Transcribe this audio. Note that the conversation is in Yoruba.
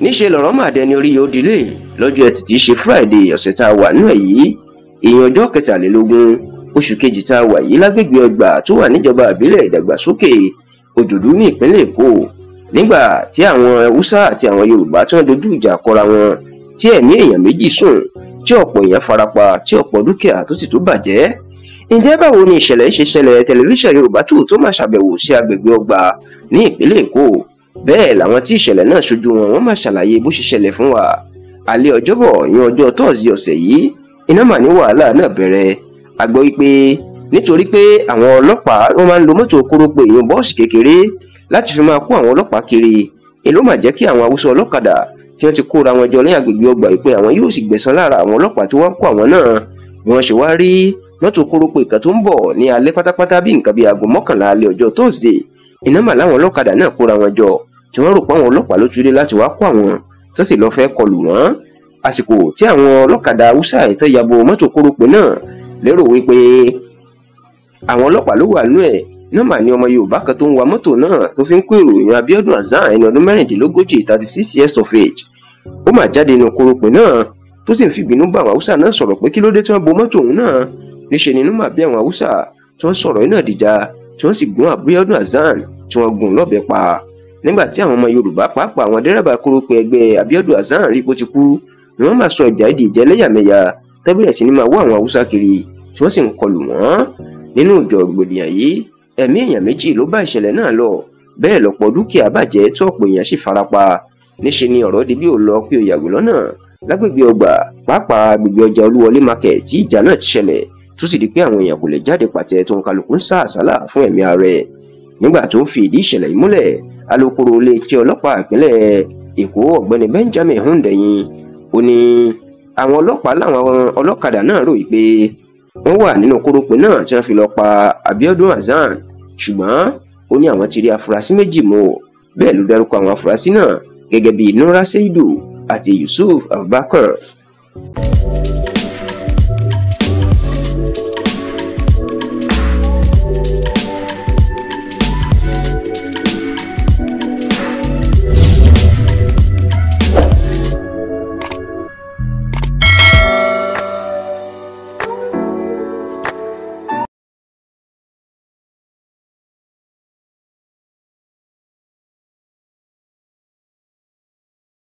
níṣẹ́ lọ̀rọ̀ máa dẹni orí yóò dilé lọ́jọ́ ẹtì tí í ṣe friday ọ̀sẹ̀ tá a wà nínú ẹ̀ yìí èèyàn ọjọ́ kẹtàlélógún oṣù kejì tá a wà yìí lágbègbè ọgbà tó wà níjọba àbílẹ̀ ìdàgbàsókè òjòdú ní ìpínlẹ̀ èkó nígbà tí àwọn haúsá àti àwọn yorùbá tí wọ́n dojú ìjà kọra wọn tí ẹ̀mí èèyàn méjì sùn tí ọ̀pọ̀ èèyàn farapa tí ọ̀pọ̀ dúkìá tó sì tó bàjẹ́ ǹjẹ́ báwo ni ìṣẹ̀lẹ̀ ṣe ṣẹlẹ̀ tẹlifíṣàn yorùbá tù tó máa ṣàbẹ̀wò sí agbègbè ọgbà ní ìpínlẹ̀ èkó bẹ́ẹ̀ làwọn tí ìṣẹ̀lẹ̀ náà ṣojú wọn wọ́n máa ṣàlàyé bó ṣe ṣẹlẹ̀ fún wa alẹ́ ọjọ́bọ̀ ìyẹn ọjọ́ tọ́ọ̀sì ọ̀sẹ̀ yìí iná mà ní wàhálà náà bẹ̀rẹ̀ a gbọ́ wípé nítorí pé àwọn ọlọ́pàá wọ́n máa ń lo mọ́tò kórópè ìyẹn bọ́ọ̀sì kékeré láti fi máa kó àwọn ọlọ́pàá kiri èló mà jẹ́ kí àwọn haúsá ọlọ́kadà tí wọ́n ti kóra wọn jọ ní agbègbè ọgbà wípé àwọn yóò sì gbẹ̀san lára àwọn ọlọ́pàá tí wọ́n kó àwọn náà bí wọ́n ṣe wá rí mọ́tò kórópè kan tó ń bọ̀ ní alẹ́ pátápátá bí nǹkan bíi aago mọ́kànlá alẹ́ ọjọ́ tóòsì iná láwọn ọlọ́kadà náà kóra wọn jọ tí wọ́n rò pé àwọn ọlọ́pàá ló ti rí láti wáá kó àwọn tó sì lọ́ọ́ fẹ́ kọlù wọ́n àsìkò tí àwọn ọlọ́kadà haúsá tó yabo mọ́tò kórópè náà lérò wípé àwọn ọlọ́pàá ló wà nú ẹ̀ nọ́mà ni ọmọ yorùbá kan tó ń wa mọ́tò náà tó fi ń kó ìròyìn abiodun hasan ẹni ọdún mẹ́rìndínlógójì thirty six years of age ó mà jáde nínú kórópè náà tó sì ń fi ìbínú bá àwọn haúsá náà sọ̀rọ̀ pé kí ló nígbà tí àwọn ọmọ yorùbá pàápàá àwọn dẹ́rẹ́bà kórópè ẹgbẹ́ abiodun hasan rí kó ti kú ni wọ́n máa sọ ìjà èdè ìjẹ́ lẹ́yàmẹ̀yà tẹ́bílẹ̀ sí ni máa wá àwọn haúsá kiri tí wọ́n sì ń kọlù wọ́n nínú ìjọ gbòdìyàn yìí ẹ̀mí èèyàn méjì ló bá ìṣẹ̀lẹ̀ náà lọ bẹ́ẹ̀ lọ́pọ̀ dúkìá bàjẹ́ tí ọ̀pọ̀ èèyàn sì farapa níṣe ni ọ̀rọ̀ di bí ò lọ pé ò yàgò lọ́nà lágbègbè ọgbà pàápàá agbègbè ọjà olúwọlé market tí ìjà náà ti ṣẹlẹ̀ tó sì di pé àwọn èèyàn kò lè jáde pàtẹ tó ń kálukú ń sá àsálà fún ẹ̀mí ààrẹ nígbà tó ń fi ìdí ìṣẹ̀lẹ̀ yìí múlẹ̀ alūkkóró iléeṣẹ́ ọlọ́pàá ìpínlẹ̀ èkó ọ̀gbẹ́ni benjamin hundeyin ó ní àwọn ọlọ́pàá làwọn ọlọ́kadà náà rò pé wọ́n wà nínú kórópin náà tí wọ́n fi lọ pa abiodun hasan ṣùgbọ́n ó ní àwọn ti rí afurasí méjì mú o bẹ́ẹ̀ ló dárúkọ àwọn afurasí náà gẹ́gẹ́ bíi nura seidu àti yusuf abubakar.